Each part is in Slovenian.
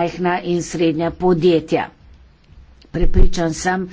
majhna in srednja podjetja. Prepričan sem,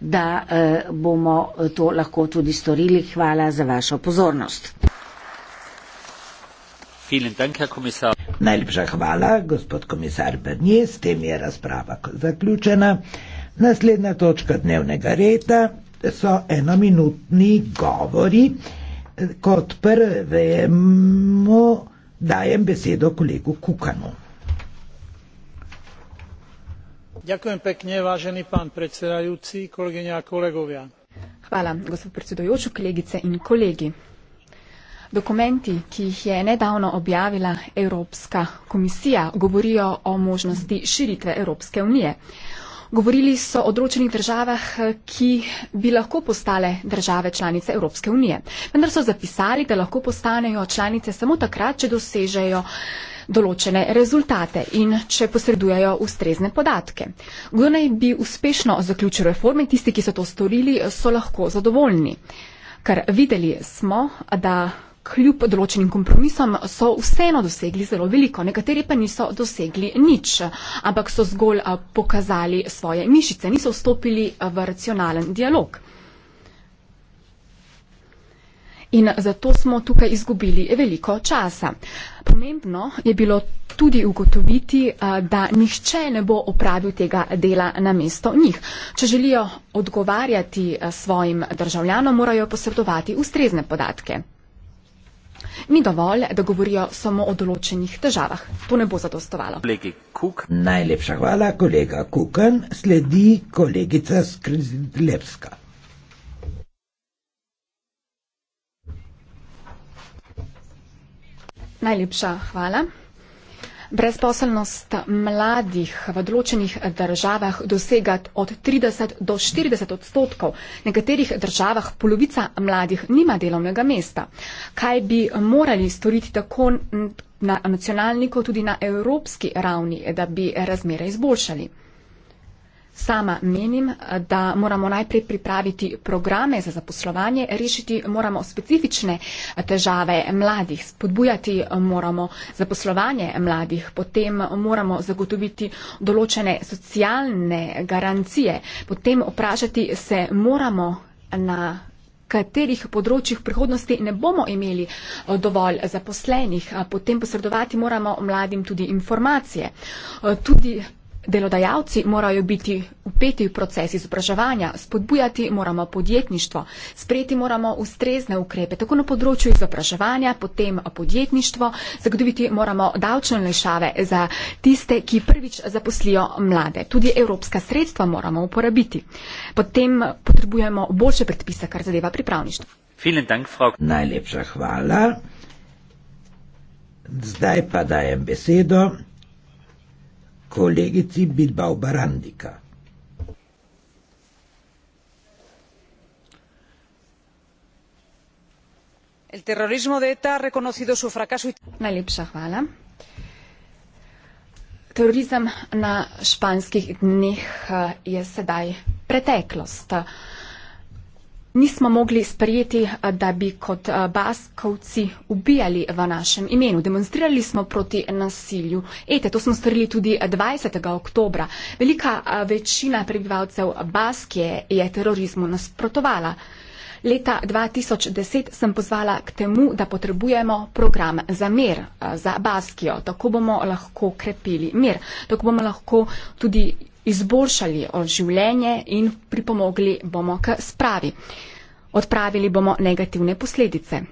da eh, bomo eh, to lahko tudi storili. Hvala za vašo pozornost. Dank, Najlepša hvala, gospod komisar Brnje. S tem je razprava zaključena. Naslednja točka dnevnega reda so enominutni govori. Kot prvemu dajem besedo kolegu Kukanu. Dokumenti, ki jih je nedavno objavila Evropska komisija, govorijo o možnosti širitve Evropske unije. Govorili so o določenih državah, ki bi lahko postale države članice Evropske unije. Vendar so zapisali, da lahko postanejo članice samo takrat, če dosežejo določene rezultate in če posredujejo ustrezne podatke. Kdo naj bi uspešno zaključil reforme, tisti, ki so to storili, so lahko zadovoljni. Ker videli smo, da kljub določenim kompromisom so vseeno dosegli zelo veliko, nekateri pa niso dosegli nič, ampak so zgolj pokazali svoje mišice, niso vstopili v racionalen dialog. In zato smo tukaj izgubili veliko časa pomembno je bilo tudi ugotoviti, eh, da nihče ne bo opravil tega dela na mesto njih. Če želijo odgovarjati eh, svojim državljanom, morajo posredovati ustrezne podatke. Ni dovolj, da govorijo samo o določenih težavah. To ne bo zadostovalo. Najlepša hvala, kolega Kukan. Sledi kolegica Skrizlepska. Najlepša hvala. Brezposelnost mladih v določenih državah dosega od 30 do 40 odstotkov. V nekaterih državah polovica mladih nima delovnega mesta. Kaj bi morali storiti tako na nacionalni kot tudi na evropski ravni, da bi razmere izboljšali? Sama menim, da moramo najprej pripraviti programe za zaposlovanje, rešiti moramo specifične težave mladih, spodbujati moramo zaposlovanje mladih, potem moramo zagotoviti določene socialne garancije, potem vprašati se moramo na katerih področjih v prihodnosti ne bomo imeli eh, dovolj zaposlenih. Potem posredovati moramo mladim tudi informacije. Eh, tudi Delodajalci morajo biti upeti v proces izobraževanja, spodbujati moramo podjetništvo, sprejeti moramo ustrezne ukrepe, tako na področju izobraževanja, potem podjetništvo, zagotoviti moramo davčne lešave za tiste, ki prvič zaposlijo mlade. Tudi evropska sredstva moramo uporabiti. Potem potrebujemo boljše predpise, kar zadeva pripravništvo. Dank, Najlepša hvala. Zdaj pa dajem besedo kolegici Bilbao Barandika. El terrorismo de ETA ha reconocido su fracaso. Najlepša hvala. Terorizem na španskih dneh eh, je sedaj preteklost nismo mogli sprejeti, da bi kot eh, baskovci ubijali v našem imenu. Demonstrirali smo proti nasilju. Ete, to smo storili tudi 20. oktobra. Velika eh, večina prebivalcev Baskije je terorizmu nasprotovala. Leta 2010 sem pozvala k temu, da potrebujemo program za mir, eh, za Baskijo. Tako bomo lahko krepili mir. Tako bomo lahko tudi izboljšali življenje in pripomogli bomo k spravi. Odpravili bomo negativne posledice.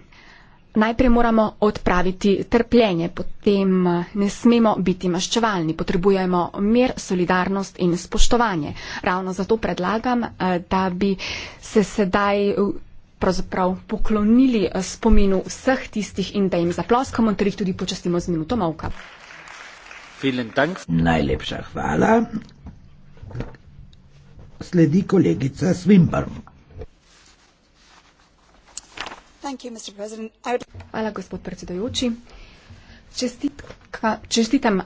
Najprej moramo odpraviti trpljenje, potem eh, ne smemo biti maščevalni, potrebujemo mir, solidarnost in spoštovanje. Ravno zato predlagam, eh, da bi se sedaj eh, pravzaprav poklonili spominu vseh tistih in da jim zaploskamo ter jih tudi počastimo z minuto molka. Najlepša hvala sledi kolegica Swinburne. Hvala, gospod predsedojoči. Čestitka, čestitam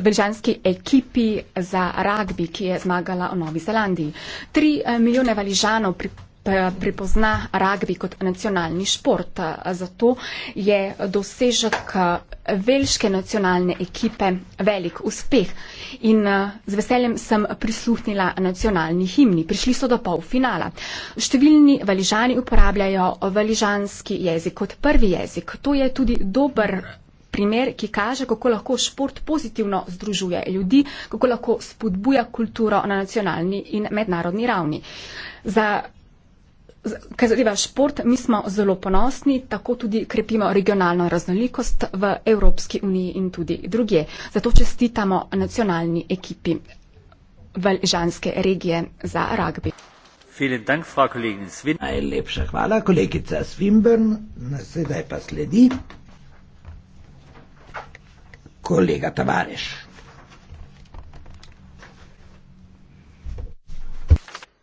valižanski ekipi za ragbi, ki je zmagala v Novi Zelandiji. Tri eh, milijone valižanov pripravljajo. Eh, prepozna ragbi kot nacionalni šport. Eh, zato je dosežek eh, velške nacionalne ekipe velik uspeh. In z veseljem sem prisluhnila nacionalni himni. Prišli so do pol finala. Številni valižani uporabljajo valižanski jezik kot prvi jezik. To je tudi dober. Primer, ki kaže, kako lahko šport pozitivno združuje ljudi, kako lahko spodbuja kulturo na nacionalni in mednarodni ravni. Za Kaj zadeva šport, mi smo zelo ponosni, tako tudi krepimo regionalno raznolikost v Evropski uniji in tudi druge. Zato čestitamo nacionalni ekipi Valžanske regije za ragbi. Najlepša hvala, kolegica Svimbrn. Sedaj pa sledi kolega Tavareš.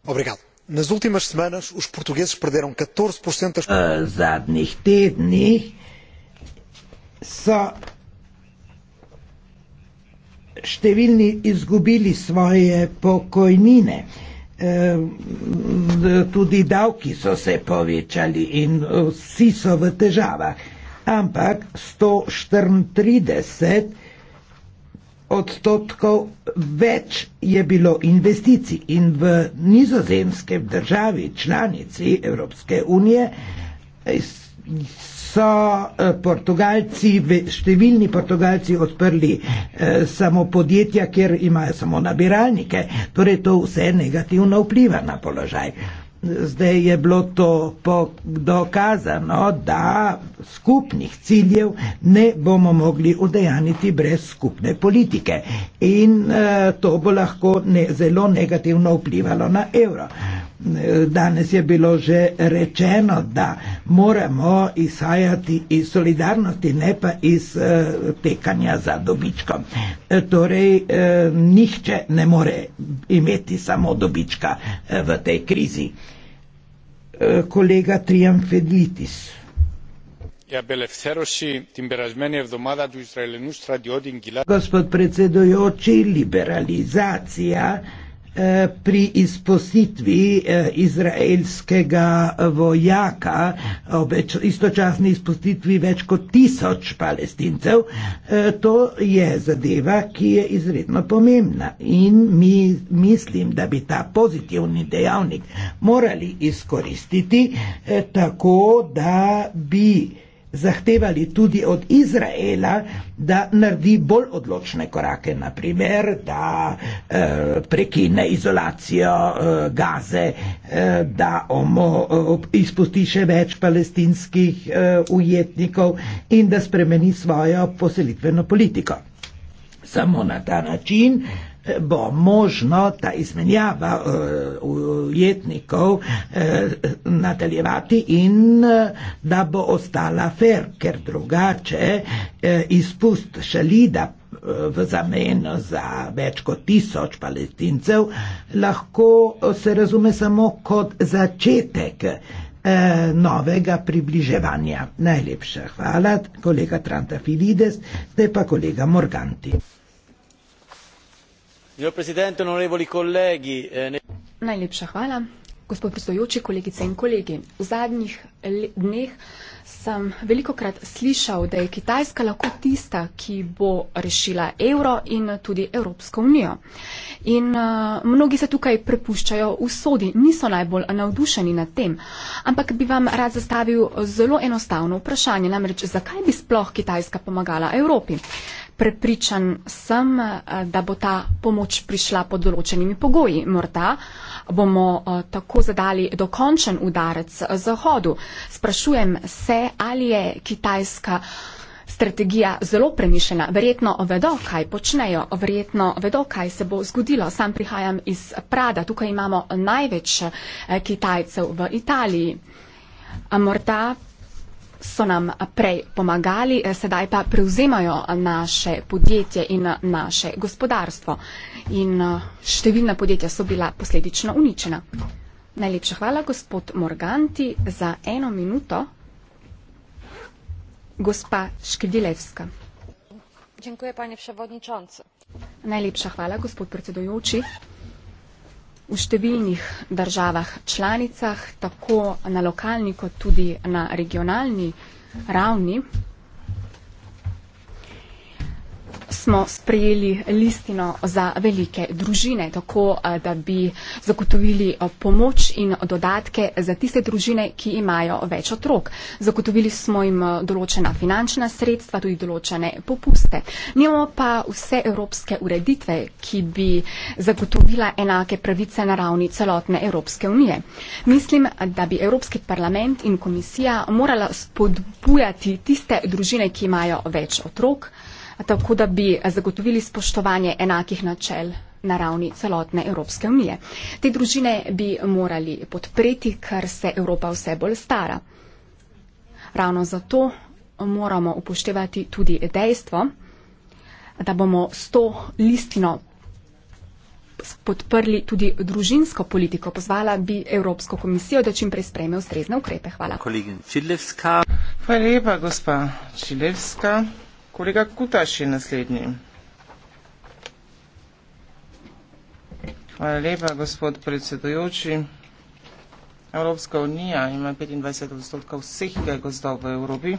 Obrigado. Nas últimas semanas, os portugueses perderam 14% das. Ah, zadnjih tednih so številni izgubili svoje pokojnine. Eh, tudi davki so se povečali in vsi so v težavah. Ampak 134 odstotkov več je bilo investicij in v nizozemskem državi, članici Evropske unije, so eh, Portugalci, številni Portugalci odprli eh, samo podjetja, kjer imajo samo nabiralnike. Torej to vse negativno vpliva na položaj. Zdaj je bilo to dokazano, da skupnih ciljev ne bomo mogli udejaniti brez skupne politike in eh, to bo lahko ne, zelo negativno vplivalo na evro. Eh, danes je bilo že rečeno, da moramo izhajati iz solidarnosti, ne pa iz eh, tekanja za dobičkom. Torej, nihče ne more imeti samo dobička v tej krizi. Eh, kolega Triamfedlitis. Ja, Beleferosi, timberazmene v domada do Izraelinu stradi od Ingila. Gospod predsedujoči, liberalizacija. Eh, pri izpustitvi eh, izraelskega vojaka, eh, več, istočasni izpustitvi več kot tisoč palestincev, to je zadeva, ki je izredno pomembna in mi mislim, da bi ta pozitivni dejavnik morali izkoristiti tako, da bi zahtevali tudi od Izraela, da naredi bolj odločne korake, naprimer, da eh, prekine izolacijo eh, gaze, eh, da omo, izpusti še več palestinskih ujetnikov in da spremeni svojo poselitveno politiko. Samo na ta način bo možno ta izmenjava eh, ujetnikov eh, nadaljevati in eh, da bo ostala fer, ker drugače izpust šalida v zameno za več kot tisoč palestincev lahko se razume samo kot začetek novega približevanja. Najlepša hvala, kolega Tranta Filides, zdaj pa kolega Morganti. Eh, Najlepša hvala. Gospod predsedujoči, kolegice in kolegi. V zadnjih dneh sem veliko krat slišal, da je Kitajska lahko tista, ki bo rešila evro in tudi Evropsko unijo. In uh, mnogi se tukaj prepuščajo v sodi, niso najbolj navdušeni nad tem. Ampak bi vam rad zastavil zelo enostavno vprašanje, namreč zakaj bi sploh Kitajska pomagala Evropi? Prepričan sem, eh, da bo ta pomoč prišla pod določenimi pogoji. Morda bomo eh, tako zadali dokončen udarec Zahodu. Sprašujem se, ali je kitajska strategija zelo premišljena. Verjetno vedo, kaj počnejo, verjetno vedo, kaj se bo zgodilo. Sam prihajam iz Prada, tukaj imamo največ eh, kitajcev v Italiji. A morda so nam prej pomagali, eh, sedaj pa prevzemajo naše podjetje in naše gospodarstvo. In eh, številna podjetja so bila posledično uničena. Najlepša hvala, gospod Morganti, za eno minuto. Gospa Škidilevska. Najlepša hvala, gospod predsedujoči v številnih državah članicah, tako na lokalni kot tudi na regionalni ravni smo sprejeli listino za velike družine, tako eh, da bi zagotovili eh, pomoč in dodatke za tiste družine, ki imajo več otrok. Zagotovili smo jim eh, določena finančna sredstva, tudi določene popuste. Nimamo pa vse evropske ureditve, ki bi zagotovila enake pravice na ravni celotne Evropske unije. Mislim, da bi Evropski parlament in komisija morala spodbujati tiste družine, ki imajo več otrok, tako da bi zagotovili spoštovanje enakih načel na ravni celotne Evropske unije. Te družine bi morali podpreti, ker se Evropa vse bolj stara. Ravno zato moramo upoštevati tudi dejstvo, da bomo s to listino podprli tudi družinsko politiko. Pozvala bi Evropsko komisijo, da čim prej sprejme ustrezne ukrepe. Hvala. Hvala lepa, gospa Čilevska. Kolega Kutaš je naslednji. Hvala lepa, gospod predsedujoči. Evropska unija ima 25 odstotkov vseh gozdov v Evropi.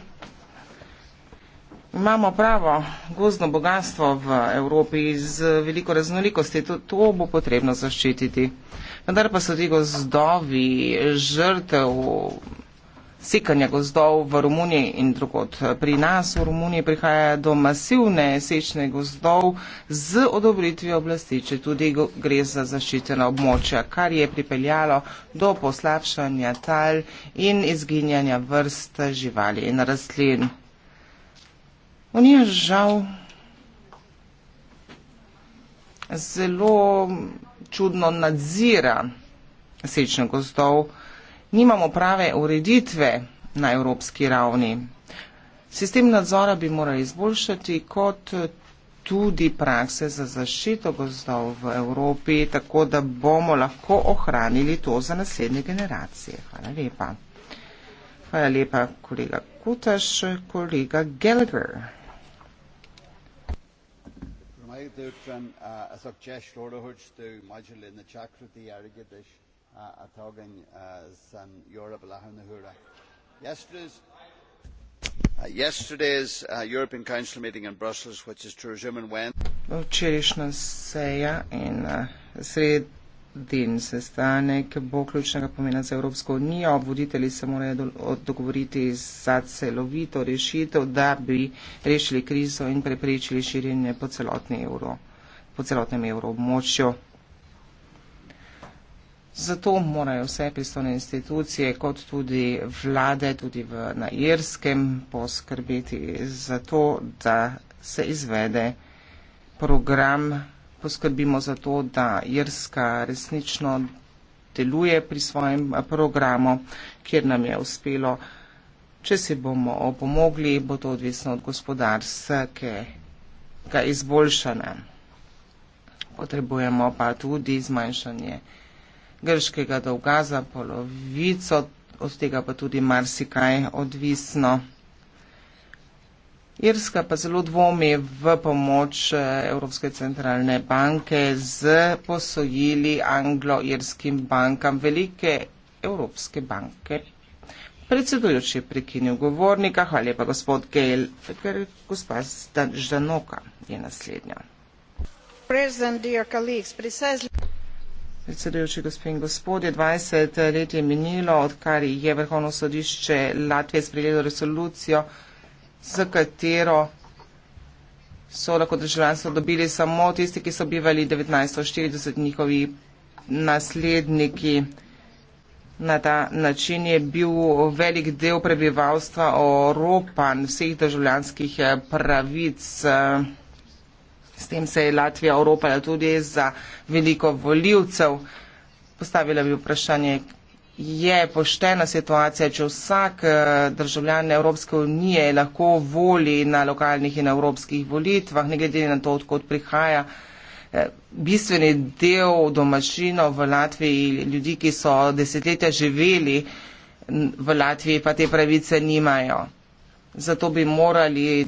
Imamo pravo gozdno bogatstvo v Evropi z veliko raznolikosti, to, to bo potrebno zaščititi. Vendar pa so ti gozdovi žrtev sekanja gozdov v Romuniji in drugod. Pri nas v Romuniji prihaja do masivne sečne gozdov z odobritvijo oblasti, če tudi gre za zaščitena območja, kar je pripeljalo do poslabšanja tal in izginjanja vrst živali in rastlin. Unija žal zelo čudno nadzira sečne gozdov nimamo prave ureditve na evropski ravni. Sistem nadzora bi morali izboljšati kot tudi prakse za zaščito gozdov v Evropi, tako da bomo lahko ohranili to za naslednje generacije. Hvala lepa. Hvala lepa, kolega Kutaš, kolega Gallagher. Hvala lepa, kolega Gallagher a thugging san Europe la hanahura. Yesterday's uh, yesterday's uh, European Council meeting in Brussels, which is to resume and when? Včerajšnja seja in uh, sredin sestanek bo ključnega pomena za Evropsko unijo. Voditelji se morajo do, dogovoriti za celovito rešitev, da bi rešili krizo in preprečili širjenje po, celotni euro, po celotnem evroobmočju. Zato morajo vse pristojne institucije, kot tudi vlade, tudi v, na Irskem, poskrbeti za to, da se izvede program, poskrbimo za to, da Irska resnično deluje pri svojem eh, programu, kjer nam je uspelo. Če si bomo opomogli, bo to odvisno od gospodarskega izboljšanja. Potrebujemo pa tudi zmanjšanje grškega dolga za polovico, od tega pa tudi marsikaj odvisno. Irska pa zelo dvomi v pomoč eh, Evropske centralne banke z posojili anglo-irskim bankam velike evropske banke. Predsedujoči je prekinil govornika, hvala lepa gospod Gail, ker gospa Ždanoka je naslednja. President, dear colleagues, precisely. Predsedujoči gospod in gospodje, 20 let je minilo, odkar je Vrhovno sodišče Latvije sprejelo resolucijo, z katero so lahko državljanstvo dobili samo tisti, ki so bivali 1940 njihovi nasledniki. Na ta način je bil velik del prebivalstva oropan vseh državljanskih pravic. S tem se je Latvija oropala tudi za veliko voljivcev. Postavila bi vprašanje, je poštena situacija, če vsak eh, državljan Evropske unije lahko voli na lokalnih in evropskih volitvah, ne glede na to, odkot prihaja. Eh, bistveni del domačinov v Latviji, ljudi, ki so desetletja živeli v Latviji, pa te pravice nimajo. Zato bi morali.